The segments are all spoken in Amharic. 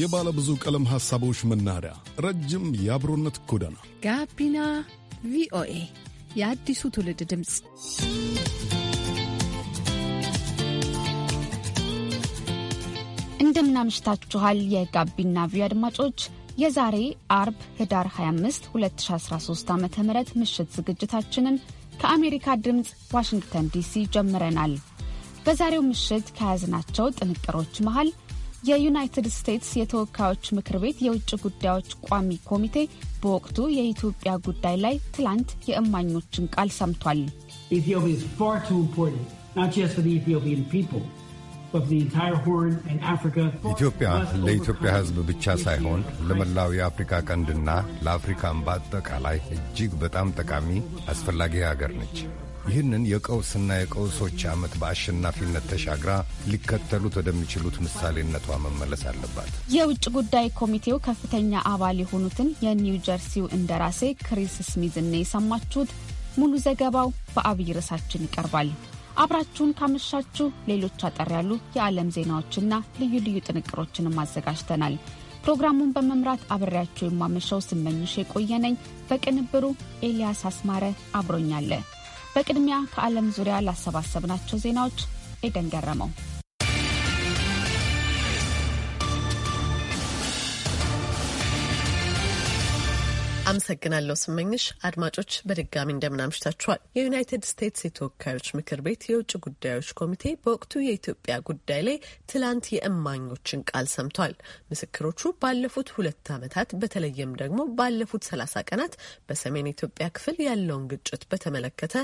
የባለ ብዙ ቀለም ሐሳቦች መናኸሪያ፣ ረጅም የአብሮነት ጎዳና ጋቢና ቪኦኤ የአዲሱ ትውልድ ድምፅ እንደምናምሽታችኋል። የጋቢና ቪ አድማጮች የዛሬ አርብ ህዳር 25 2013 ዓ ም ምሽት ዝግጅታችንን ከአሜሪካ ድምፅ ዋሽንግተን ዲሲ ጀምረናል። በዛሬው ምሽት ከያዝናቸው ጥንቅሮች መሃል የዩናይትድ ስቴትስ የተወካዮች ምክር ቤት የውጭ ጉዳዮች ቋሚ ኮሚቴ በወቅቱ የኢትዮጵያ ጉዳይ ላይ ትላንት የእማኞችን ቃል ሰምቷል። ኢትዮጵያ ለኢትዮጵያ ሕዝብ ብቻ ሳይሆን ለመላው የአፍሪካ ቀንድና ለአፍሪካም በአጠቃላይ እጅግ በጣም ጠቃሚ አስፈላጊ ሀገር ነች። ይህንን የቀውስና የቀውሶች ዓመት በአሸናፊነት ተሻግራ ሊከተሉት ወደሚችሉት ምሳሌነቷ መመለስ አለባት። የውጭ ጉዳይ ኮሚቴው ከፍተኛ አባል የሆኑትን የኒው ጀርሲው እንደራሴ ክሪስ ስሚዝን የሰማችሁት። ሙሉ ዘገባው በአብይ ርዕሳችን ይቀርባል። አብራችሁን ካመሻችሁ ሌሎች አጠር ያሉ የዓለም ዜናዎችና ልዩ ልዩ ጥንቅሮችንም አዘጋጅተናል። ፕሮግራሙን በመምራት አብሬያችሁ የማመሻው ስመኝሽ የቆየነኝ፣ በቅንብሩ ኤልያስ አስማረ አብሮኛለ በቅድሚያ ከዓለም ዙሪያ ላሰባሰብናቸው ዜናዎች ኤደን ገረመው አመሰግናለሁ ስመኝሽ። አድማጮች በድጋሚ እንደምናምሽታችኋል። የዩናይትድ ስቴትስ የተወካዮች ምክር ቤት የውጭ ጉዳዮች ኮሚቴ በወቅቱ የኢትዮጵያ ጉዳይ ላይ ትላንት የእማኞችን ቃል ሰምቷል። ምስክሮቹ ባለፉት ሁለት ዓመታት በተለይም ደግሞ ባለፉት ሰላሳ ቀናት በሰሜን ኢትዮጵያ ክፍል ያለውን ግጭት በተመለከተ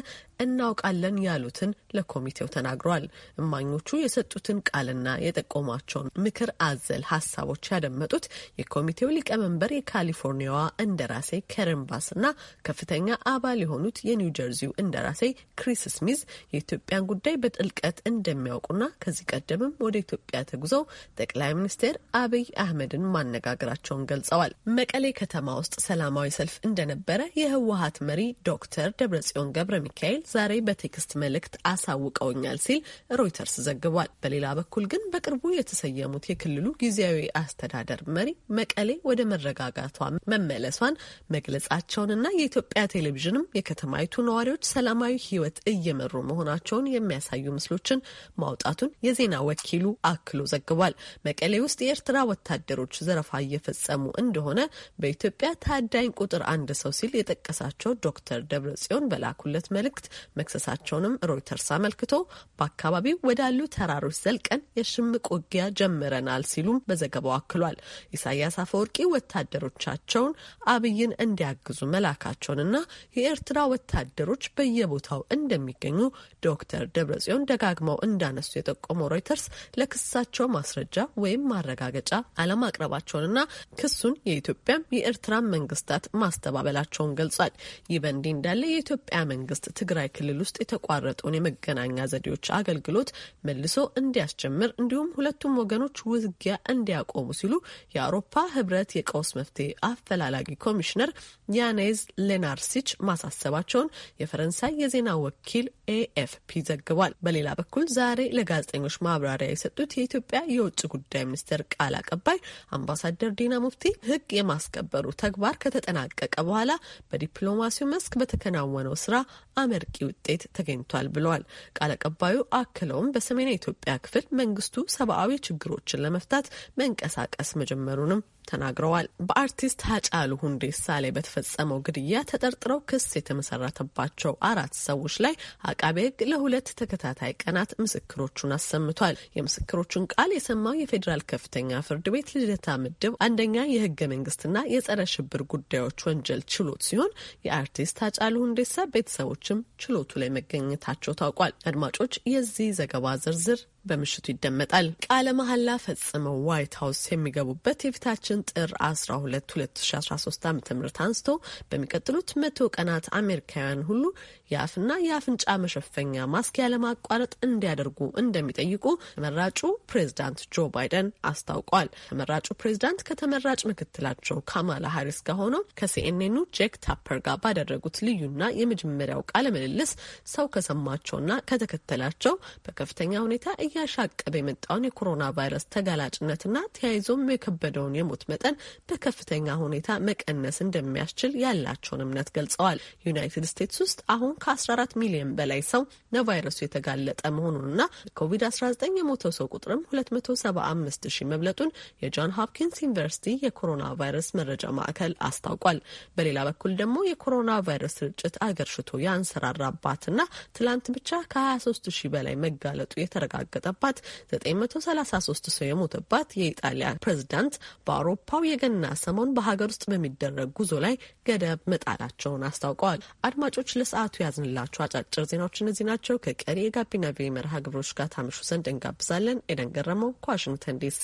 እናውቃለን ያሉትን ለኮሚቴው ተናግረዋል። እማኞቹ የሰጡትን ቃልና የጠቆሟቸውን ምክር አዘል ሀሳቦች ያደመጡት የኮሚቴው ሊቀመንበር የካሊፎርኒያዋ እንደራሴ ከረን ባስና ከፍተኛ አባል የሆኑት የኒው ጀርዚው እንደራሴ ክሪስ ስሚዝ የኢትዮጵያን ጉዳይ በጥልቀት እንደሚያውቁና ከዚህ ቀደምም ወደ ኢትዮጵያ ተጉዘው ጠቅላይ ሚኒስትር አብይ አህመድን ማነጋገራቸውን ገልጸዋል። መቀሌ ከተማ ውስጥ ሰላማዊ ሰልፍ እንደነበረ የህወሀት መሪ ዶክተር ደብረጽዮን ገብረ ሚካኤል ዛሬ በቴክስት መልእክት አሳውቀውኛል ሲል ሮይተርስ ዘግቧል። በሌላ በኩል ግን በቅርቡ የተሰየሙት የክልሉ ጊዜያዊ አስተዳደር መሪ መቀሌ ወደ መረጋጋቷ መመለሷን መግለጻቸውንና የኢትዮጵያ ቴሌቪዥንም የከተማይቱ ነዋሪዎች ሰላማዊ ህይወት እየመሩ መሆናቸውን የሚያሳዩ ምስሎችን ማውጣቱን የዜና ወኪሉ አክሎ ዘግቧል። መቀሌ ውስጥ የኤርትራ ወታደሮች ዘረፋ እየፈጸሙ እንደሆነ በኢትዮጵያ ታዳኝ ቁጥር አንድ ሰው ሲል የጠቀሳቸው ዶክተር ደብረጽዮን በላኩለት መልእክት መክሰሳቸውንም ሮይተርስ አመልክቶ በአካባቢው ወዳሉ ተራሮች ዘልቀን የሽምቅ ውጊያ ጀምረናል ሲሉም በዘገባው አክሏል። ኢሳያስ አፈወርቂ ወታደሮቻቸውን አብይን እንዲያግዙ መላካቸውንና የኤርትራ ወታደሮች በየቦታው እንደሚገኙ ዶክተር ደብረጽዮን ደጋግመው እንዳነሱ የጠቆመው ሮይተርስ ለክሳቸው ማስረጃ ወይም ማረጋገጫ አለማቅረባቸውንና ክሱን የኢትዮጵያም የኤርትራን መንግስታት ማስተባበላቸውን ገልጿል። ይህ በእንዲህ እንዳለ የኢትዮጵያ መንግስት ትግራይ ክልል ውስጥ የተቋረጠውን የመገናኛ ዘዴዎች አገልግሎት መልሶ እንዲያስጀምር እንዲሁም ሁለቱም ወገኖች ውጊያ እንዲያቆሙ ሲሉ የአውሮፓ ህብረት የቀውስ መፍትሄ አፈላላጊ ኮሚሽነር ኮሚሽነር ያኔዝ ሌናርሲች ማሳሰባቸውን የፈረንሳይ የዜና ወኪል ኤኤፍፒ ዘግቧል። በሌላ በኩል ዛሬ ለጋዜጠኞች ማብራሪያ የሰጡት የኢትዮጵያ የውጭ ጉዳይ ሚኒስቴር ቃል አቀባይ አምባሳደር ዲና ሙፍቲ ሕግ የማስከበሩ ተግባር ከተጠናቀቀ በኋላ በዲፕሎማሲው መስክ በተከናወነው ስራ አመርቂ ውጤት ተገኝቷል ብለዋል። ቃል አቀባዩ አክለውም በሰሜን ኢትዮጵያ ክፍል መንግስቱ ሰብአዊ ችግሮችን ለመፍታት መንቀሳቀስ መጀመሩንም ተናግረዋል። በአርቲስት ሀጫሉ ሁንዴሳ ላይ በተፈጸመው ግድያ ተጠርጥረው ክስ የተመሰረተባቸው አራት ሰዎች ላይ አቃቤ ሕግ ለሁለት ተከታታይ ቀናት ምስክሮቹን አሰምቷል። የምስክሮቹን ቃል የሰማው የፌዴራል ከፍተኛ ፍርድ ቤት ልደታ ምድብ አንደኛ የህገ መንግስትና የጸረ ሽብር ጉዳዮች ወንጀል ችሎት ሲሆን የአርቲስት ሀጫሉ ሁንዴሳ ቤተሰቦችም ችሎቱ ላይ መገኘታቸው ታውቋል። አድማጮች የዚህ ዘገባ ዝርዝር በምሽቱ ይደመጣል። ቃለ መሐላ ፈጽመው ዋይት ሀውስ የሚገቡበት የፊታችን ጥር 12 2013 ዓ ም አንስቶ በሚቀጥሉት መቶ ቀናት አሜሪካውያን ሁሉ የአፍና የአፍንጫ መሸፈኛ ማስክ ያለማቋረጥ እንዲያደርጉ እንደሚጠይቁ ተመራጩ ፕሬዚዳንት ጆ ባይደን አስታውቋል። ተመራጩ ፕሬዚዳንት ከተመራጭ ምክትላቸው ካማላ ሀሪስ ጋር ሆነው ከሲኤንኤኑ ጄክ ታፐር ጋር ባደረጉት ልዩና የመጀመሪያው ቃለ ምልልስ ሰው ከሰማቸውና ከተከተላቸው በከፍተኛ ሁኔታ እያሻቀበ የመጣውን የኮሮና ቫይረስ ተጋላጭነትና ተያይዞም የከበደውን የሞት መጠን በከፍተኛ ሁኔታ መቀነስ እንደሚያስችል ያላቸውን እምነት ገልጸዋል። ዩናይትድ ስቴትስ ውስጥ አሁን ከ14 ሚሊዮን በላይ ሰው ለቫይረሱ የተጋለጠ መሆኑንና ኮቪድ-19 የሞተው ሰው ቁጥርም 275 ሺህ መብለጡን የጆን ሆፕኪንስ ዩኒቨርሲቲ የኮሮና ቫይረስ መረጃ ማዕከል አስታውቋል። በሌላ በኩል ደግሞ የኮሮና ቫይረስ ስርጭት አገርሽቶ ያንሰራራባትና ትላንት ብቻ ከ23 ሺህ በላይ መጋለጡ የተረጋገጠ የተቀመጠባት 933 ሰው የሞተባት የኢጣሊያ ፕሬዝዳንት በአውሮፓው የገና ሰሞን በሀገር ውስጥ በሚደረግ ጉዞ ላይ ገደብ መጣላቸውን አስታውቀዋል። አድማጮች ለሰዓቱ ያዝንላችሁ አጫጭር ዜናዎች እነዚህ ናቸው። ከቀሪ የጋቢና ቪ መርሃ ግብሮች ጋር ታምሹ ዘንድ እንጋብዛለን። ኤደን ገረመው ከዋሽንግተን ዲሲ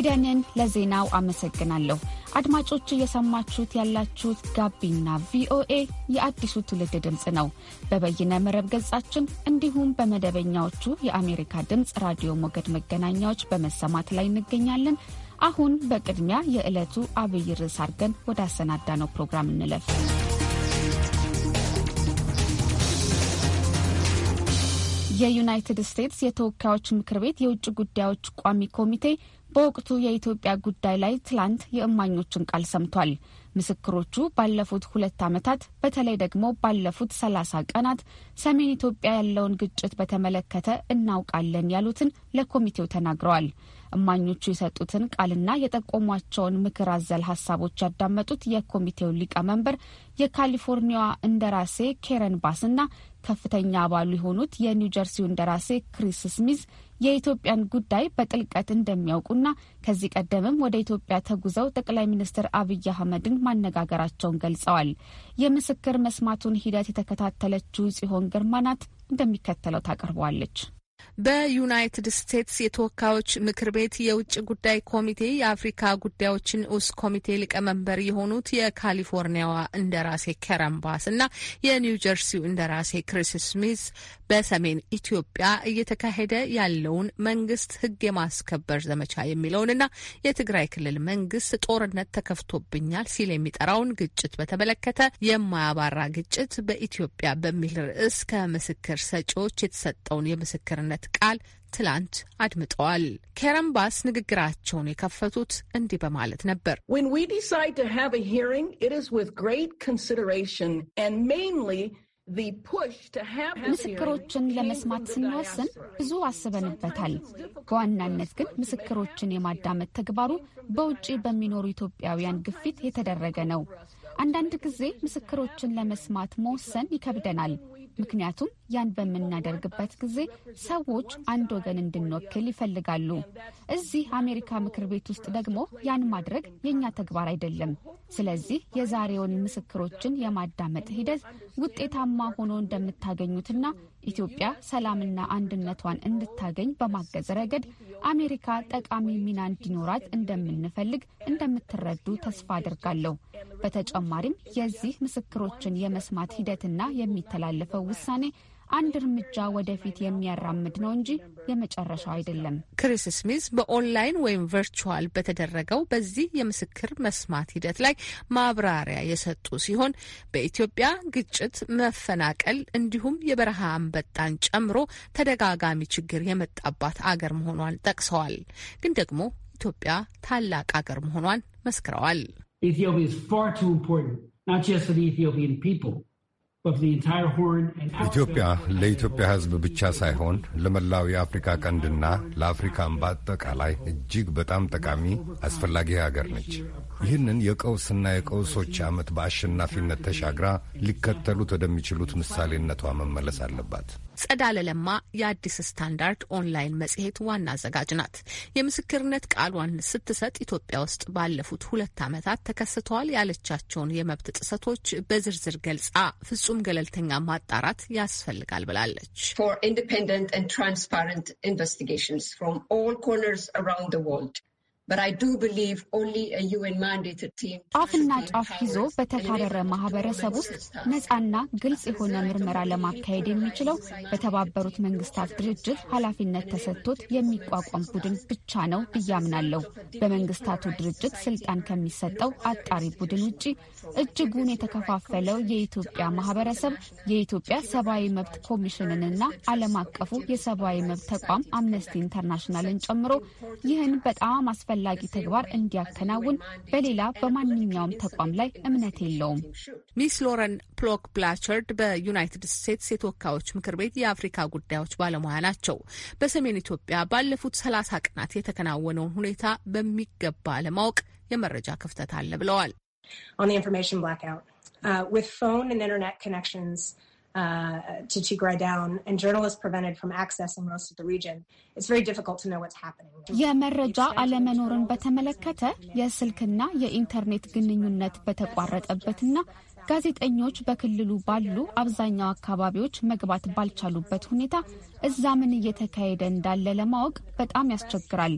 ኤደንን ለዜናው አመሰግናለሁ። አድማጮች እየሰማችሁት ያላችሁት ጋቢና ቪኦኤ የአዲሱ ትውልድ ድምፅ ነው። በበይነ መረብ ገጻችን እንዲሁም በመደበኛዎቹ የአሜሪካ ድምፅ ራዲዮ ሞገድ መገናኛዎች በመሰማት ላይ እንገኛለን። አሁን በቅድሚያ የዕለቱ አብይ ርዕስ አድርገን ወደ አሰናዳ ነው ፕሮግራም እንለፍ። የዩናይትድ ስቴትስ የተወካዮች ምክር ቤት የውጭ ጉዳዮች ቋሚ ኮሚቴ በወቅቱ የኢትዮጵያ ጉዳይ ላይ ትላንት የእማኞችን ቃል ሰምቷል። ምስክሮቹ ባለፉት ሁለት ዓመታት በተለይ ደግሞ ባለፉት ሰላሳ ቀናት ሰሜን ኢትዮጵያ ያለውን ግጭት በተመለከተ እናውቃለን ያሉትን ለኮሚቴው ተናግረዋል። እማኞቹ የሰጡትን ቃልና የጠቆሟቸውን ምክር አዘል ሀሳቦች ያዳመጡት የኮሚቴው ሊቀመንበር የካሊፎርኒያዋ እንደራሴ ኬረን ባስና ከፍተኛ አባሉ የሆኑት የኒውጀርሲው እንደራሴ ክሪስ ስሚዝ የኢትዮጵያን ጉዳይ በጥልቀት እንደሚያውቁና ከዚህ ቀደምም ወደ ኢትዮጵያ ተጉዘው ጠቅላይ ሚኒስትር አብይ አህመድን ማነጋገራቸውን ገልጸዋል። የምስክር መስማቱን ሂደት የተከታተለችው ጽሆን ግርማ ናት፣ እንደሚከተለው ታቀርበዋለች። በዩናይትድ ስቴትስ የተወካዮች ምክር ቤት የውጭ ጉዳይ ኮሚቴ የአፍሪካ ጉዳዮች ንዑስ ኮሚቴ ሊቀመንበር የሆኑት የካሊፎርኒያዋ እንደራሴ ከረምባስ እና የኒው ጀርሲው እንደራሴ ክሪስ ስሚዝ በሰሜን ኢትዮጵያ እየተካሄደ ያለውን መንግስት ህግ የማስከበር ዘመቻ የሚለውንና የትግራይ ክልል መንግስት ጦርነት ተከፍቶብኛል ሲል የሚጠራውን ግጭት በተመለከተ የማያባራ ግጭት በኢትዮጵያ በሚል ርዕስ ከምስክር ሰጪዎች የተሰጠውን የምስክርነት ቃል ትላንት አድምጠዋል። ከረምባስ ንግግራቸውን የከፈቱት እንዲህ በማለት ነበር። When we decide to have a hearing, it is with great consideration and mainly ምስክሮችን ለመስማት ስንወስን ብዙ አስበንበታል። በዋናነት ግን ምስክሮችን የማዳመጥ ተግባሩ በውጭ በሚኖሩ ኢትዮጵያውያን ግፊት የተደረገ ነው። አንዳንድ ጊዜ ምስክሮችን ለመስማት መወሰን ይከብደናል። ምክንያቱም ያን በምናደርግበት ጊዜ ሰዎች አንድ ወገን እንድንወክል ይፈልጋሉ። እዚህ አሜሪካ ምክር ቤት ውስጥ ደግሞ ያን ማድረግ የእኛ ተግባር አይደለም። ስለዚህ የዛሬውን ምስክሮችን የማዳመጥ ሂደት ውጤታማ ሆኖ እንደምታገኙትና ኢትዮጵያ ሰላምና አንድነቷን እንድታገኝ በማገዝ ረገድ አሜሪካ ጠቃሚ ሚና እንዲኖራት እንደምንፈልግ እንደምትረዱ ተስፋ አድርጋለሁ። በተጨማሪም የዚህ ምስክሮችን የመስማት ሂደትና የሚተላለፈው ውሳኔ አንድ እርምጃ ወደፊት የሚያራምድ ነው እንጂ የመጨረሻው አይደለም። ክሪስ ስሚዝ በኦንላይን ወይም ቨርቹዋል በተደረገው በዚህ የምስክር መስማት ሂደት ላይ ማብራሪያ የሰጡ ሲሆን በኢትዮጵያ ግጭት፣ መፈናቀል እንዲሁም የበረሃ አንበጣን ጨምሮ ተደጋጋሚ ችግር የመጣባት አገር መሆኗን ጠቅሰዋል። ግን ደግሞ ኢትዮጵያ ታላቅ አገር መሆኗን መስክረዋል። Ethiopia is ኢትዮጵያ ለኢትዮጵያ ሕዝብ ብቻ ሳይሆን ለመላው የአፍሪካ ቀንድና ለአፍሪካም በአጠቃላይ እጅግ በጣም ጠቃሚ አስፈላጊ ሀገር ነች። ይህንን የቀውስና የቀውሶች ዓመት በአሸናፊነት ተሻግራ ሊከተሉት ወደሚችሉት ምሳሌነቷ መመለስ አለባት። ጸዳለ ለማ የአዲስ ስታንዳርድ ኦንላይን መጽሔት ዋና አዘጋጅ ናት። የምስክርነት ቃሏን ስትሰጥ ኢትዮጵያ ውስጥ ባለፉት ሁለት ዓመታት ተከስተዋል ያለቻቸውን የመብት ጥሰቶች በዝርዝር ገልጻ ፍጹም ገለልተኛ ማጣራት ያስፈልጋል ብላለች። for independent and transparent investigations from all corners አፍና ጫፍ ይዞ በተካረረ ማህበረሰብ ውስጥ ነፃና ግልጽ የሆነ ምርመራ ለማካሄድ የሚችለው በተባበሩት መንግስታት ድርጅት ኃላፊነት ተሰጥቶት የሚቋቋም ቡድን ብቻ ነው አምናለሁ። በመንግስታቱ ድርጅት ስልጣን ከሚሰጠው አጣሪ ቡድን ውጪ እጅጉን የተከፋፈለው የኢትዮጵያ ማህበረሰብ የኢትዮጵያ ሰብአዊ መብት ኮሚሽንንና ዓለም አቀፉ የሰብአዊ መብት ተቋም አምነስቲ ኢንተርናሽናልን ጨምሮ ይህን በጣም አስፈላጊ አስፈላጊ ተግባር እንዲያከናውን በሌላ በማንኛውም ተቋም ላይ እምነት የለውም። ሚስ ሎረን ፕሎክ ብላቸርድ በዩናይትድ ስቴትስ የተወካዮች ምክር ቤት የአፍሪካ ጉዳዮች ባለሙያ ናቸው። በሰሜን ኢትዮጵያ ባለፉት ሰላሳ ቀናት የተከናወነውን ሁኔታ በሚገባ ለማወቅ የመረጃ ክፍተት አለ ብለዋል። uh, to Tigray down and journalists prevented from accessing most of the region, it's very difficult to know what's happening. የመረጃ አለመኖርን በተመለከተ የስልክና የኢንተርኔት ግንኙነት በተቋረጠበትና ጋዜጠኞች በክልሉ ባሉ አብዛኛው አካባቢዎች መግባት ባልቻሉበት ሁኔታ እዛ ምን እየተካሄደ እንዳለ ለማወቅ በጣም ያስቸግራል።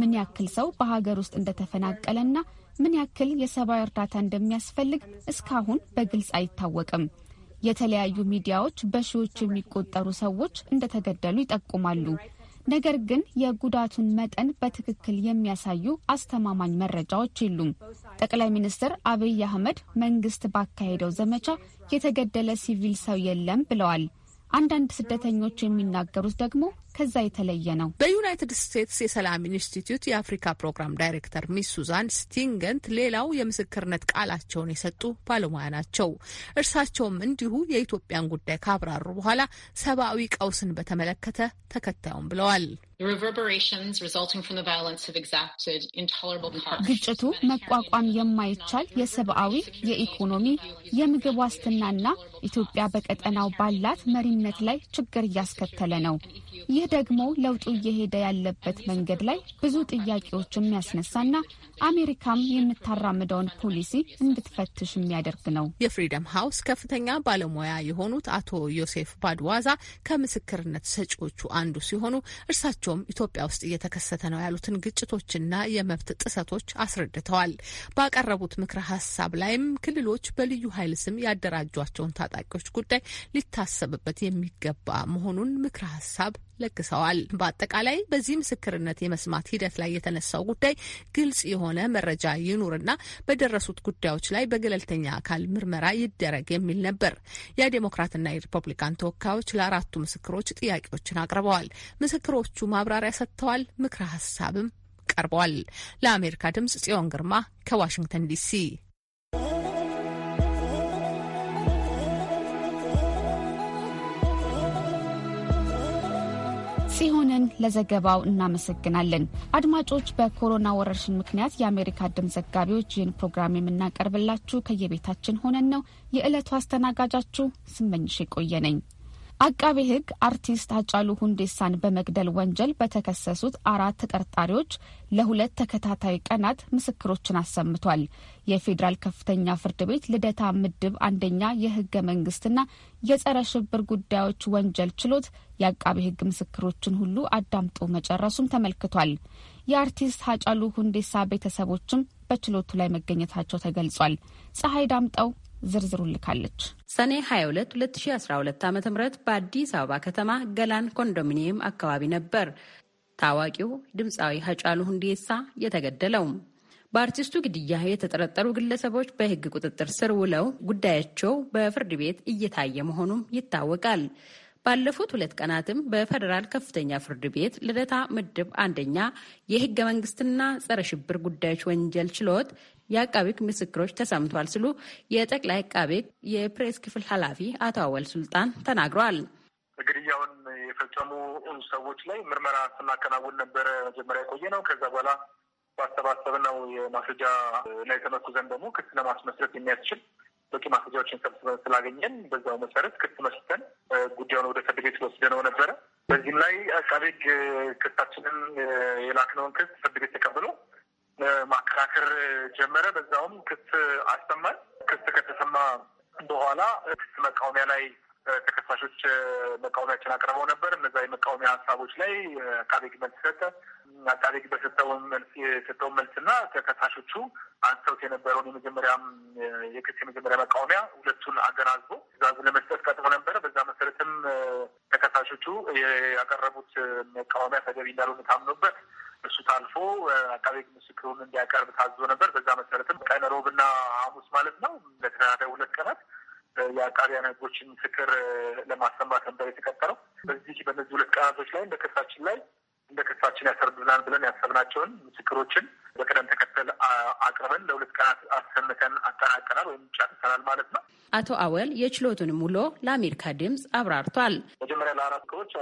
ምን ያክል ሰው በሀገር ውስጥ እንደተፈናቀለና ምን ያክል የሰብአዊ እርዳታ እንደሚያስፈልግ እስካሁን በግልጽ አይታወቅም። የተለያዩ ሚዲያዎች በሺዎች የሚቆጠሩ ሰዎች እንደተገደሉ ይጠቁማሉ። ነገር ግን የጉዳቱን መጠን በትክክል የሚያሳዩ አስተማማኝ መረጃዎች የሉም። ጠቅላይ ሚኒስትር አብይ አህመድ መንግስት ባካሄደው ዘመቻ የተገደለ ሲቪል ሰው የለም ብለዋል። አንዳንድ ስደተኞች የሚናገሩት ደግሞ ከዛ የተለየ ነው። በዩናይትድ ስቴትስ የሰላም ኢንስቲትዩት የአፍሪካ ፕሮግራም ዳይሬክተር ሚስ ሱዛን ስቲንገንት ሌላው የምስክርነት ቃላቸውን የሰጡ ባለሙያ ናቸው። እርሳቸውም እንዲሁ የኢትዮጵያን ጉዳይ ካብራሩ በኋላ ሰብአዊ ቀውስን በተመለከተ ተከታዩም ብለዋል። ግጭቱ መቋቋም የማይቻል የሰብአዊ፣ የኢኮኖሚ፣ የምግብ ዋስትናና ኢትዮጵያ በቀጠናው ባላት መሪነት ላይ ችግር እያስከተለ ነው። ይህ ደግሞ ለውጡ እየሄደ ያለበት መንገድ ላይ ብዙ ጥያቄዎች የሚያስነሳና አሜሪካም የምታራምደውን ፖሊሲ እንድትፈትሽ የሚያደርግ ነው። የፍሪደም ሀውስ ከፍተኛ ባለሙያ የሆኑት አቶ ዮሴፍ ባድዋዛ ከምስክርነት ሰጪዎቹ አንዱ ሲሆኑ እርሳቸውም ኢትዮጵያ ውስጥ እየተከሰተ ነው ያሉትን ግጭቶችና የመብት ጥሰቶች አስረድተዋል። ባቀረቡት ምክረ ሀሳብ ላይም ክልሎች በልዩ ኃይል ስም ያደራጇቸውን ታጣቂዎች ጉዳይ ሊታሰብበት የሚገባ መሆኑን ምክረ ሀሳብ ለግሰዋል። በአጠቃላይ በዚህ ምስክርነት የመስማት ሂደት ላይ የተነሳው ጉዳይ ግልጽ የሆነ መረጃ ይኑርና በደረሱት ጉዳዮች ላይ በገለልተኛ አካል ምርመራ ይደረግ የሚል ነበር። የዴሞክራትና የሪፐብሊካን ተወካዮች ለአራቱ ምስክሮች ጥያቄዎችን አቅርበዋል። ምስክሮቹ ማብራሪያ ሰጥተዋል። ምክረ ሀሳብም ቀርበዋል። ለአሜሪካ ድምጽ ጽዮን ግርማ ከዋሽንግተን ዲሲ ጽዮንን ለዘገባው እናመሰግናለን። አድማጮች፣ በኮሮና ወረርሽኝ ምክንያት የአሜሪካ ድምፅ ዘጋቢዎች ይህን ፕሮግራም የምናቀርብላችሁ ከየቤታችን ሆነን ነው። የዕለቱ አስተናጋጃችሁ ስመኝሽ የቆየ ነኝ። አቃቤ ሕግ አርቲስት አጫሉ ሁንዴሳን በመግደል ወንጀል በተከሰሱት አራት ተጠርጣሪዎች ለሁለት ተከታታይ ቀናት ምስክሮችን አሰምቷል። የፌዴራል ከፍተኛ ፍርድ ቤት ልደታ ምድብ አንደኛ የህገ መንግስትና የጸረ ሽብር ጉዳዮች ወንጀል ችሎት የአቃቤ ሕግ ምስክሮችን ሁሉ አዳምጦ መጨረሱም ተመልክቷል። የአርቲስት አጫሉ ሁንዴሳ ቤተሰቦችም በችሎቱ ላይ መገኘታቸው ተገልጿል። ፀሐይ ዳምጠው ዝርዝሩ ልካለች። ሰኔ 22 2012 ዓ ም በአዲስ አበባ ከተማ ገላን ኮንዶሚኒየም አካባቢ ነበር ታዋቂው ድምፃዊ ሀጫሉ ሁንዴሳ የተገደለው። በአርቲስቱ ግድያ የተጠረጠሩ ግለሰቦች በሕግ ቁጥጥር ስር ውለው ጉዳያቸው በፍርድ ቤት እየታየ መሆኑም ይታወቃል። ባለፉት ሁለት ቀናትም በፌዴራል ከፍተኛ ፍርድ ቤት ልደታ ምድብ አንደኛ የህገ መንግስትና ጸረ ሽብር ጉዳዮች ወንጀል ችሎት የአቃቤ ሕግ ምስክሮች ተሰምቷል ሲሉ የጠቅላይ አቃቤ የፕሬስ ክፍል ኃላፊ አቶ አወል ሱልጣን ተናግረዋል። ግድያውን የፈጸሙ ሰዎች ላይ ምርመራ ስናከናውን ነበረ መጀመሪያ የቆየ ነው። ከዛ በኋላ ባሰባሰብ ነው የማስረጃ ላይ ተመርኩዘን ደግሞ ክስ ለማስመስረት የሚያስችል በቂ ማስረጃዎችን ሰብስበን ስላገኘን በዛው መሰረት ክስ መስርተን ጉዳዩን ወደ ፍርድ ቤት ወስደነው ነበረ። በዚህም ላይ አቃቤ ሕግ ክሳችንን የላክነውን ክስ ፍርድ ቤት ተቀብሎ ማከራከር ጀመረ። በዛውም ክስ አሰማል። ክስ ከተሰማ በኋላ ክስ መቃወሚያ ላይ ተከሳሾች መቃወሚያችን አቅርበው ነበር። እነዛ የመቃወሚያ ሀሳቦች ላይ አቃቤ ሕግ መልስ ሰጠ። አቃቤ ሕግ በሰጠውን መልስ የሰጠውን መልስና ተከሳሾቹ አንስተውት የነበረውን የመጀመሪያ የክስ የመጀመሪያ መቃወሚያ ሁለቱን አገናዝቦ ትዕዛዝ ለመስጠት ቀጥሮ ነበረ። በዛ መሰረትም ተከሳሾቹ ያቀረቡት መቃወሚያ ተገቢ እንዳልሆነ ታምኖበት እሱ ታልፎ አቃቤ ምስክሩን እንዲያቀርብ ታዞ ነበር። በዛ መሰረትም ቀን ሮብና ሐሙስ ማለት ነው ለተናደ ሁለት ቀናት የአቃቢያን ሕጎችን ምስክር ለማሰማት ነበር የተቀጠረው። በዚህ በነዚህ ሁለት ቀናቶች ላይ በክሳችን ላይ በክሳችን ክሳችን ብለን ያሰብናቸውን ምስክሮችን በቅደም ተከተል አቅርበን ለሁለት ቀናት አሰምተን አጠናቀናል ወይም ጨርሰናል ማለት ነው። አቶ አወል የችሎቱን ውሎ ለአሜሪካ ድምፅ አብራርቷል። መጀመሪያ ለአራት ክሮች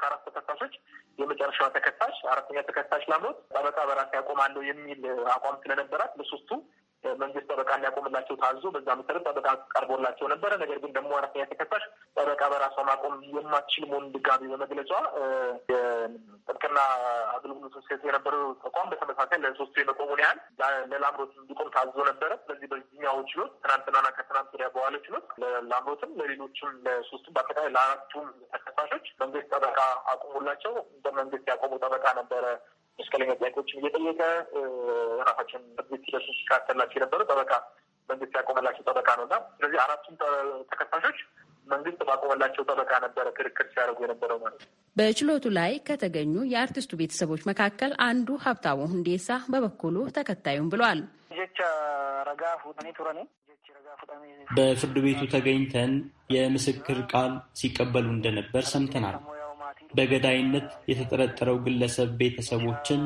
ከአራት ተከሳሾች የመጨረሻዋ ተከሳሽ አራተኛ ተከሳሽ ላምሮት ጠበቃ በራሴ አቆማለሁ የሚል አቋም ስለነበራት ለሶስቱ መንግስት ጠበቃ እንዲያቆምላቸው ታዞ በዛ መሰረት ጠበቃ ቀርቦላቸው ነበረ። ነገር ግን ደግሞ አራተኛ ተከሳሽ ጠበቃ በራሷ ማቆም የማትችል መሆኑን ድጋሚ በመግለጿ የጥብቅና አገልግሎት ሴት የነበረው ተቋም በተመሳሳይ ለሶስቱ የመቆሙን ያህል ለላምሮት እንዲቆም ታዞ ነበረ። ስለዚህ በዚህኛው ችሎት ትናንትናና ከትናንት ወዲያ በኋላ ችሎት ለላምሮትም፣ ለሌሎችም፣ ለሶስቱም በአጠቃላይ ለአራቱም ተከሳሾች መንግስት ጠበቃ አቁሙላቸው በመንግስት ያቆሙ ጠበቃ ነበረ መስቀለኛ ጥያቄዎችን እየጠየቀ ራሳችን መንግስት ሂደሱ ሲካተላቸው የነበረ ጠበቃ መንግስት ያቆመላቸው ጠበቃ ነው እና ስለዚህ አራቱም ተከሳሾች መንግስት ባቆመላቸው ጠበቃ ነበረ ክርክር ሲያደርጉ የነበረው ማለት ነው። በችሎቱ ላይ ከተገኙ የአርቲስቱ ቤተሰቦች መካከል አንዱ ሀብታሙ ሁንዴሳ በበኩሉ ተከታዩም ብሏል። በፍርድ ቤቱ ተገኝተን የምስክር ቃል ሲቀበሉ እንደነበር ሰምተናል። በገዳይነት የተጠረጠረው ግለሰብ ቤተሰቦችን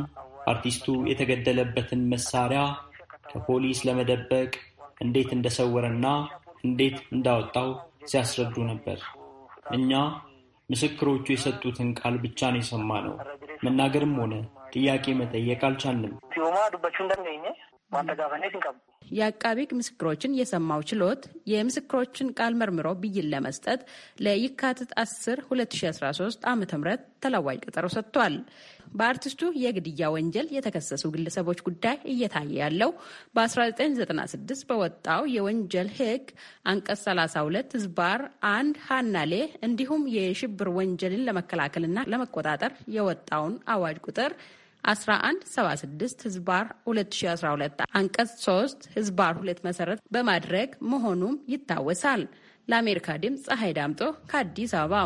አርቲስቱ የተገደለበትን መሳሪያ ከፖሊስ ለመደበቅ እንዴት እንደሰወረና እንዴት እንዳወጣው ሲያስረዱ ነበር። እኛ ምስክሮቹ የሰጡትን ቃል ብቻ ነው የሰማነው። መናገርም ሆነ ጥያቄ መጠየቅ አልቻልንም። የአቃቢ ሕግ ምስክሮችን የሰማው ችሎት የምስክሮችን ቃል መርምሮ ብይን ለመስጠት ለየካቲት 10 2013 ዓ ም ተለዋጭ ቀጠሮ ሰጥቷል። በአርቲስቱ የግድያ ወንጀል የተከሰሱ ግለሰቦች ጉዳይ እየታየ ያለው በ1996 በወጣው የወንጀል ሕግ አንቀጽ 32 ዝባር አንድ ሀናሌ እንዲሁም የሽብር ወንጀልን ለመከላከልና ለመቆጣጠር የወጣውን አዋጅ ቁጥር 1176 ህዝባር 2012 አንቀጽ 3 ህዝባር 2 መሰረት በማድረግ መሆኑም ይታወሳል። ለአሜሪካ ድምፅ ፀሐይ ዳምጦ ከአዲስ አበባ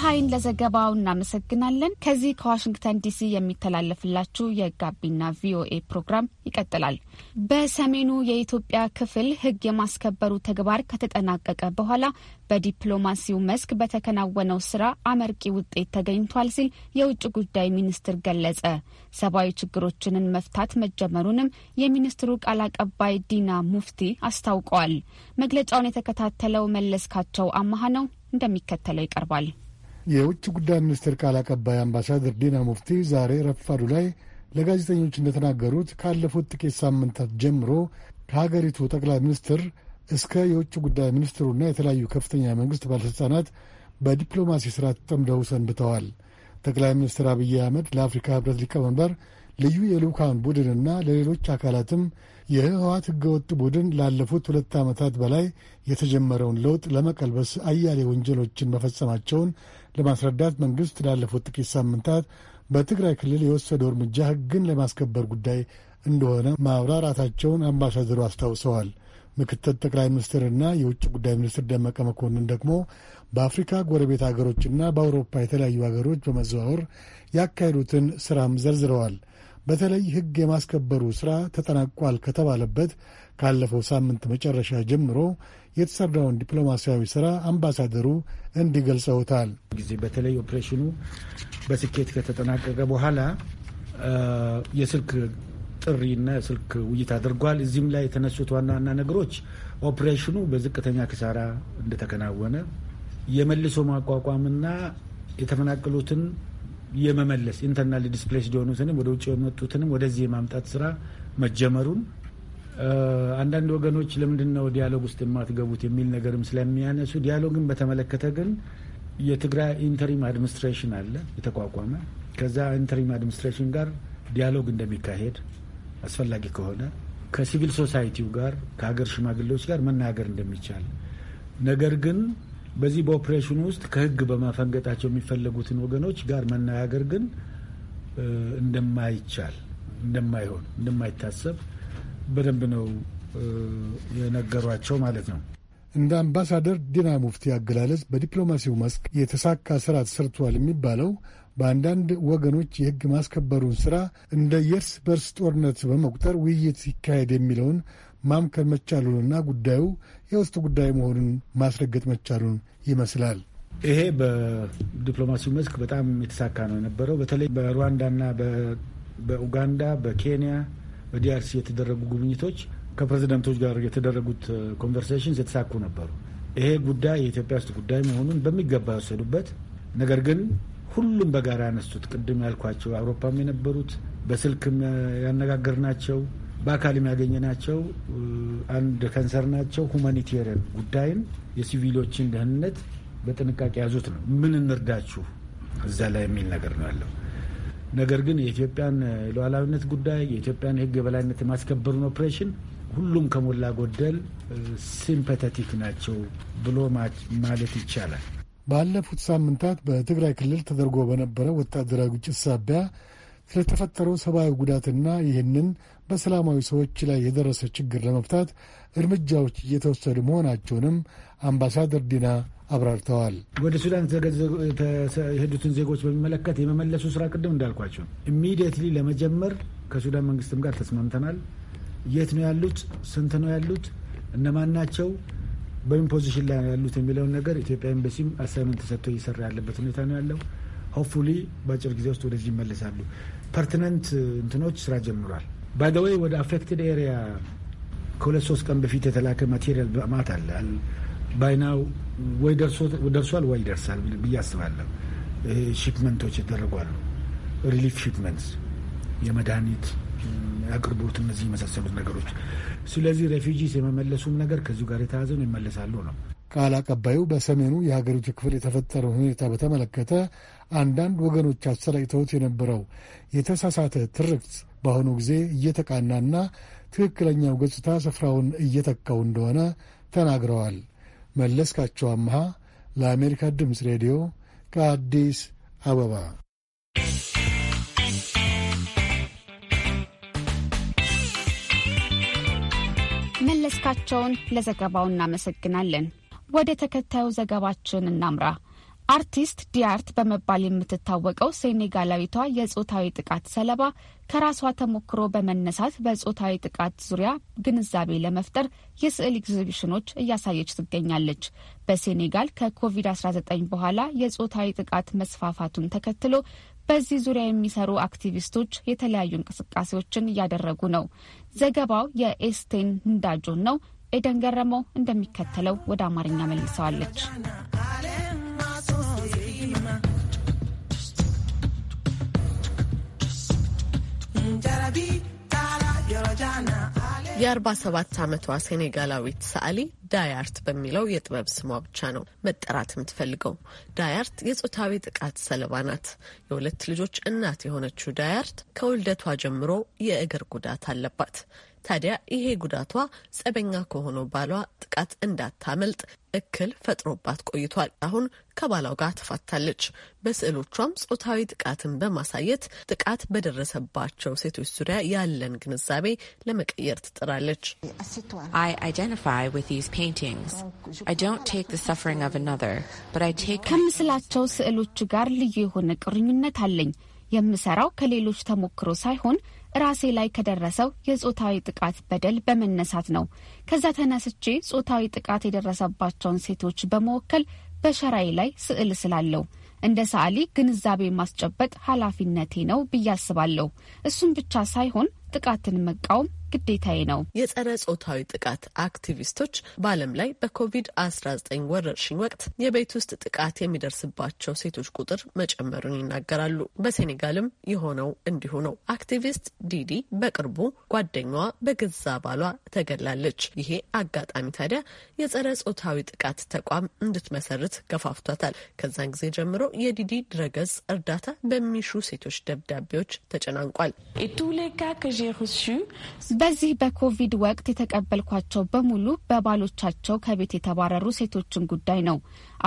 ፀሐይን ለዘገባው እናመሰግናለን። ከዚህ ከዋሽንግተን ዲሲ የሚተላለፍላችሁ የጋቢና ቪኦኤ ፕሮግራም ይቀጥላል። በሰሜኑ የኢትዮጵያ ክፍል ሕግ የማስከበሩ ተግባር ከተጠናቀቀ በኋላ በዲፕሎማሲው መስክ በተከናወነው ስራ አመርቂ ውጤት ተገኝቷል ሲል የውጭ ጉዳይ ሚኒስትር ገለጸ። ሰብአዊ ችግሮችንን መፍታት መጀመሩንም የሚኒስትሩ ቃል አቀባይ ዲና ሙፍቲ አስታውቀዋል። መግለጫውን የተከታተለው መለስካቸው አማሃ ነው፣ እንደሚከተለው ይቀርባል። የውጭ ጉዳይ ሚኒስቴር ቃል አቀባይ አምባሳደር ዲና ሙፍቲ ዛሬ ረፋዱ ላይ ለጋዜጠኞች እንደተናገሩት ካለፉት ጥቂት ሳምንታት ጀምሮ ከሀገሪቱ ጠቅላይ ሚኒስትር እስከ የውጭ ጉዳይ ሚኒስትሩና የተለያዩ ከፍተኛ መንግስት ባለሥልጣናት በዲፕሎማሲ ሥራ ተጠምደው ሰንብተዋል። ጠቅላይ ሚኒስትር አብይ አህመድ ለአፍሪካ ህብረት ሊቀመንበር ልዩ የልዑካን ቡድንና ለሌሎች አካላትም የህወሀት ህገወጥ ቡድን ላለፉት ሁለት ዓመታት በላይ የተጀመረውን ለውጥ ለመቀልበስ አያሌ ወንጀሎችን መፈጸማቸውን ለማስረዳት መንግስት ላለፉት ጥቂት ሳምንታት በትግራይ ክልል የወሰደው እርምጃ ህግን ለማስከበር ጉዳይ እንደሆነ ማብራራታቸውን አምባሳደሩ አስታውሰዋል። ምክትል ጠቅላይ ሚኒስትርና የውጭ ጉዳይ ሚኒስትር ደመቀ መኮንን ደግሞ በአፍሪካ ጎረቤት ሀገሮችና በአውሮፓ የተለያዩ ሀገሮች በመዘዋወር ያካሄዱትን ስራም ዘርዝረዋል። በተለይ ሕግ የማስከበሩ ስራ ተጠናቋል ከተባለበት ካለፈው ሳምንት መጨረሻ ጀምሮ የተሰራውን ዲፕሎማሲያዊ ስራ አምባሳደሩ ገልጸውታል። ጊዜ በተለይ ኦፕሬሽኑ በስኬት ከተጠናቀቀ በኋላ የስልክ ጥሪና የስልክ ውይይት አድርጓል። እዚህም ላይ የተነሱት ዋና ዋና ነገሮች ኦፕሬሽኑ በዝቅተኛ ክሳራ እንደተከናወነ የመልሶ ማቋቋምና የተፈናቀሉትን የመመለስ ኢንተርናል ዲስፕሌስ ሊሆኑትንም ወደ ውጭ የመጡትንም ወደዚህ የማምጣት ስራ መጀመሩን አንዳንድ ወገኖች ለምንድን ነው ዲያሎግ ውስጥ የማትገቡት የሚል ነገርም ስለሚያነሱ ዲያሎግን በተመለከተ ግን የትግራይ ኢንተሪም አድሚኒስትሬሽን አለ የተቋቋመ። ከዛ ኢንተሪም አድሚኒስትሬሽን ጋር ዲያሎግ እንደሚካሄድ አስፈላጊ ከሆነ ከሲቪል ሶሳይቲው ጋር ከሀገር ሽማግሌዎች ጋር መናገር እንደሚቻል ነገር ግን በዚህ በኦፕሬሽን ውስጥ ከህግ በማፈንገጣቸው የሚፈለጉትን ወገኖች ጋር መነጋገር ግን እንደማይቻል እንደማይሆን እንደማይታሰብ በደንብ ነው የነገሯቸው ማለት ነው። እንደ አምባሳደር ዲና ሙፍቲ አገላለጽ በዲፕሎማሲው መስክ የተሳካ ስራ ተሰርቷል የሚባለው በአንዳንድ ወገኖች የህግ ማስከበሩን ስራ እንደ የእርስ በርስ ጦርነት በመቁጠር ውይይት ይካሄድ የሚለውን ማምከን መቻሉንና ጉዳዩ የውስጥ ጉዳይ መሆኑን ማስረገጥ መቻሉን ይመስላል። ይሄ በዲፕሎማሲው መስክ በጣም የተሳካ ነው የነበረው። በተለይ በሩዋንዳና በኡጋንዳ፣ በኬንያ በዲአርሲ የተደረጉ ጉብኝቶች ከፕሬዚዳንቶች ጋር የተደረጉት ኮንቨርሴሽንስ የተሳኩ ነበሩ። ይሄ ጉዳይ የኢትዮጵያ ውስጥ ጉዳይ መሆኑን በሚገባ የወሰዱበት ነገር ግን ሁሉም በጋራ ያነሱት ቅድም ያልኳቸው አውሮፓም የነበሩት በስልክም ያነጋገርናቸው በአካልም ያገኘናቸው አንድ ከንሰርናቸው ሁማኒቴሪያን ጉዳይም የሲቪሎችን ደህንነት በጥንቃቄ ያዙት ነው። ምን እንርዳችሁ እዛ ላይ የሚል ነገር ነው ያለው። ነገር ግን የኢትዮጵያን eh, ሉዓላዊነት ጉዳይ የኢትዮጵያን ህግ የበላይነት የማስከበሩን ኦፕሬሽን ሁሉም ከሞላ ጎደል eh, ሲምፐተቲክ ናቸው ብሎ ማለት ይቻላል። ባለፉት ሳምንታት በትግራይ ክልል ተደርጎ በነበረ ወታደራዊ ግጭት ሳቢያ ስለተፈጠረው ሰብአዊ ጉዳትና ይህንን በሰላማዊ ሰዎች ላይ የደረሰ ችግር ለመፍታት እርምጃዎች እየተወሰዱ መሆናቸውንም አምባሳደር ዲና አብራርተዋል። ወደ ሱዳን የሄዱትን ዜጎች በሚመለከት የመመለሱ ስራ ቅድም እንዳልኳቸው ኢሚዲየትሊ ለመጀመር ከሱዳን መንግስትም ጋር ተስማምተናል። የት ነው ያሉት? ስንት ነው ያሉት? እነማን ናቸው? በምን ፖዚሽን ላይ ያሉት የሚለውን ነገር ኢትዮጵያ ኤምበሲም አሳይመንት ተሰጥቶ እየሰራ ያለበት ሁኔታ ነው ያለው። ሆፕፉሊ በአጭር ጊዜ ውስጥ ወደዚህ ይመለሳሉ። ፐርትነንት እንትኖች ስራ ጀምሯል። ባይደወይ ወደ አፌክትድ ኤሪያ ከሁለት ሶስት ቀን በፊት የተላከ ማቴሪያል በማት አለ ባይናው ወይ ደርሷል ወይ ይደርሳል ብዬ አስባለሁ። ሺፕመንቶች ይደረጓሉ። ሪሊፍ ሺፕመንት የመድኃኒት አቅርቦት፣ እነዚህ የመሳሰሉት ነገሮች። ስለዚህ ሬፊጂስ የመመለሱም ነገር ከዚሁ ጋር የተያዘ ነው፣ ይመለሳሉ ነው ቃል አቀባዩ በሰሜኑ የሀገሪቱ ክፍል የተፈጠረው ሁኔታ በተመለከተ አንዳንድ ወገኖች አሰራጭተውት የነበረው የተሳሳተ ትርክት በአሁኑ ጊዜ እየተቃናና ትክክለኛው ገጽታ ስፍራውን እየተካው እንደሆነ ተናግረዋል። መለስካቸው አምሃ ለአሜሪካ ድምፅ ሬዲዮ ከአዲስ አበባ መለስካቸውን ለዘገባው እናመሰግናለን። ወደ ተከታዩ ዘገባችን እናምራ። አርቲስት ዲያርት በመባል የምትታወቀው ሴኔጋላዊቷ የጾታዊ ጥቃት ሰለባ ከራሷ ተሞክሮ በመነሳት በጾታዊ ጥቃት ዙሪያ ግንዛቤ ለመፍጠር የስዕል ኤግዚቢሽኖች እያሳየች ትገኛለች። በሴኔጋል ከኮቪድ-19 በኋላ የጾታዊ ጥቃት መስፋፋቱን ተከትሎ በዚህ ዙሪያ የሚሰሩ አክቲቪስቶች የተለያዩ እንቅስቃሴዎችን እያደረጉ ነው። ዘገባው የኤስቴን ንዳጆን ነው። ኤደን ገረመው እንደሚከተለው ወደ አማርኛ መልሰዋለች። የ47 ዓመቷ ሴኔጋላዊት ሰዓሊ ዳያርት በሚለው የጥበብ ስሟ ብቻ ነው መጠራት የምትፈልገው። ዳያርት የጾታዊ ጥቃት ሰለባ ናት። የሁለት ልጆች እናት የሆነችው ዳያርት ከውልደቷ ጀምሮ የእግር ጉዳት አለባት። ታዲያ ይሄ ጉዳቷ ጸበኛ ከሆነው ባሏ ጥቃት እንዳታመልጥ እክል ፈጥሮባት ቆይቷል። አሁን ከባሏ ጋር ተፋታለች። በስዕሎቿም ጾታዊ ጥቃትን በማሳየት ጥቃት በደረሰባቸው ሴቶች ዙሪያ ያለን ግንዛቤ ለመቀየር ትጥራለች። ከምስላቸው ስዕሎች ጋር ልዩ የሆነ ቅርኙነት አለኝ። የምሰራው ከሌሎች ተሞክሮ ሳይሆን ራሴ ላይ ከደረሰው የጾታዊ ጥቃት በደል በመነሳት ነው። ከዛ ተነስቼ ጾታዊ ጥቃት የደረሰባቸውን ሴቶች በመወከል በሸራዬ ላይ ስዕል ስላለው እንደ ሰዓሊ ግንዛቤ ማስጨበጥ ኃላፊነቴ ነው ብዬ አስባለሁ። እሱም ብቻ ሳይሆን ጥቃትን መቃወም ግዴታዬ ነው። የጸረ ጾታዊ ጥቃት አክቲቪስቶች በዓለም ላይ በኮቪድ-19 ወረርሽኝ ወቅት የቤት ውስጥ ጥቃት የሚደርስባቸው ሴቶች ቁጥር መጨመሩን ይናገራሉ። በሴኔጋልም የሆነው እንዲሁ ነው። አክቲቪስት ዲዲ በቅርቡ ጓደኛዋ በገዛ ባሏ ተገላለች። ይሄ አጋጣሚ ታዲያ የጸረ ጾታዊ ጥቃት ተቋም እንድትመሰርት ገፋፍቷታል። ከዛን ጊዜ ጀምሮ የዲዲ ድረገጽ እርዳታ በሚሹ ሴቶች ደብዳቤዎች ተጨናንቋል። በዚህ በኮቪድ ወቅት የተቀበልኳቸው በሙሉ በባሎቻቸው ከቤት የተባረሩ ሴቶችን ጉዳይ ነው።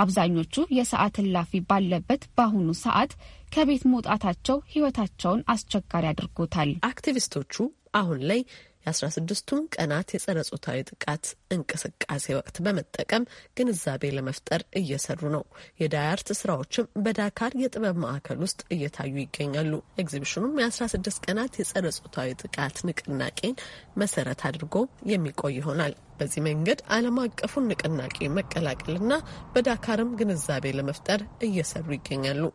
አብዛኞቹ የሰዓት እላፊ ባለበት በአሁኑ ሰዓት ከቤት መውጣታቸው ሕይወታቸውን አስቸጋሪ አድርጎታል። አክቲቪስቶቹ አሁን ላይ የ16ቱን ቀናት የጸረ ጾታዊ ጥቃት እንቅስቃሴ ወቅት በመጠቀም ግንዛቤ ለመፍጠር እየሰሩ ነው። የዳያርት ስራዎችም በዳካር የጥበብ ማዕከል ውስጥ እየታዩ ይገኛሉ። ኤግዚቢሽኑም የ16 ቀናት የጸረ ጾታዊ ጥቃት ንቅናቄን መሰረት አድርጎ የሚቆይ ይሆናል። በዚህ መንገድ ዓለም አቀፉን ንቅናቄ መቀላቀልና በዳካርም ግንዛቤ ለመፍጠር እየሰሩ ይገኛሉ።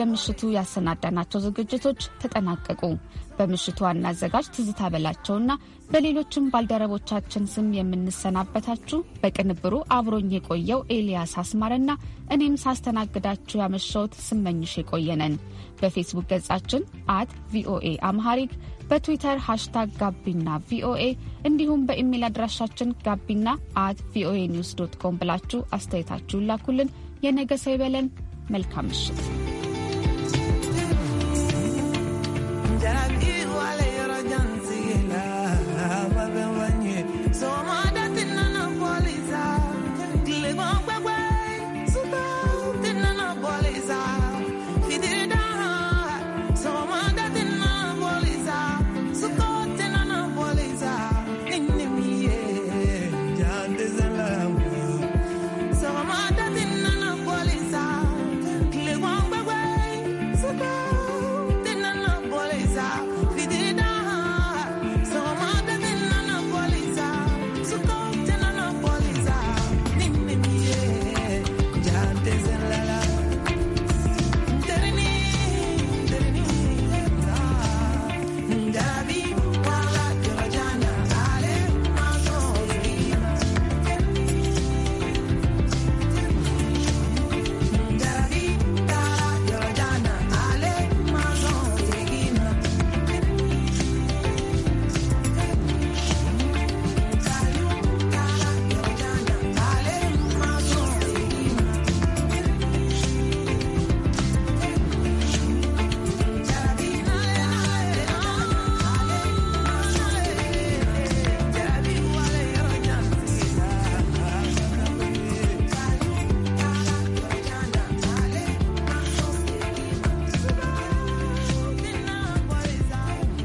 ለምሽቱ ያሰናዳናቸው ዝግጅቶች ተጠናቀቁ። በምሽቱ ዋና አዘጋጅ ትዝታ በላቸውና በሌሎችም ባልደረቦቻችን ስም የምንሰናበታችሁ በቅንብሩ አብሮኝ የቆየው ኤልያስ አስማረና እኔም ሳስተናግዳችሁ ያመሸውት ስመኝሽ የቆየነን። በፌስቡክ ገጻችን አት ቪኦኤ አምሃሪክ በትዊተር ሃሽታግ ጋቢና ቪኦኤ እንዲሁም በኢሜይል አድራሻችን ጋቢና አት ቪኦኤ ኒውስ ዶት ኮም ብላችሁ አስተያየታችሁን ላኩልን። የነገ ሰው ይበለን። መልካም ምሽት።